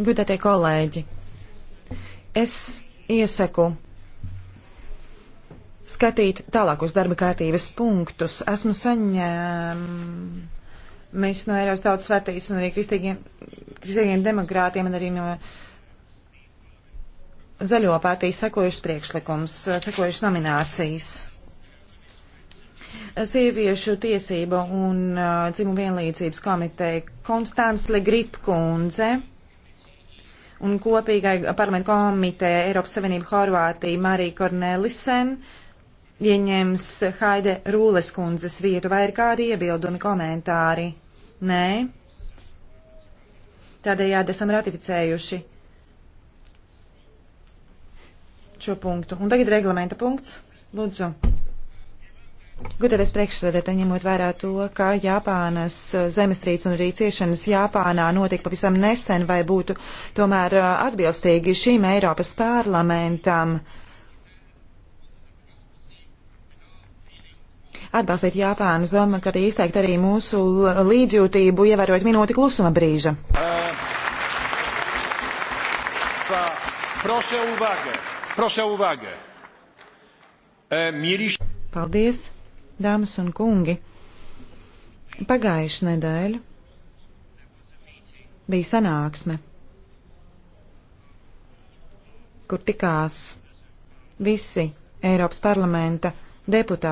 Gudētie kolēģi, es iesaku skatīt tālāk uz darba kārtības punktus. Esmu saņēmis no Eiropas tautas vērtīs un arī kristīgiem, kristīgiem demokrātiem un arī no zaļo partijas sekojušas priekšlikums, sekojušas nominācijas sieviešu tiesība un dzimumu vienlīdzības komiteja Konstants Legrip kundze un kopīgai parlamentu komiteja Eiropas Savienība Horvātija Marija Kornelisen ieņems Haide Rūles kundzes vietu. Vai ir kādi iebildumi komentāri? Nē. Tādējādi esam ratificējuši šo punktu. Un tagad reglamenta punkts. Lūdzu. Gudēties priekšsēdētāji, ņemot vērā to, ka Japānas eh, zemestrīces un arī ciešanas Japānā notika pavisam nesen, vai būtu tomēr eh, atbilstīgi šīm Eiropas parlamentam atbalstīt Japānas demokrātiju, izteikt arī mūsu līdzjūtību, ievērojot minūti klusuma brīža. Eh, proszę uwagę, proszę uwagę. Mieliśmy... Paldies! dāmas un kungi. Pagājuši nedēļu bija sanāksme, kur tikās visi Eiropas parlamenta deputāti.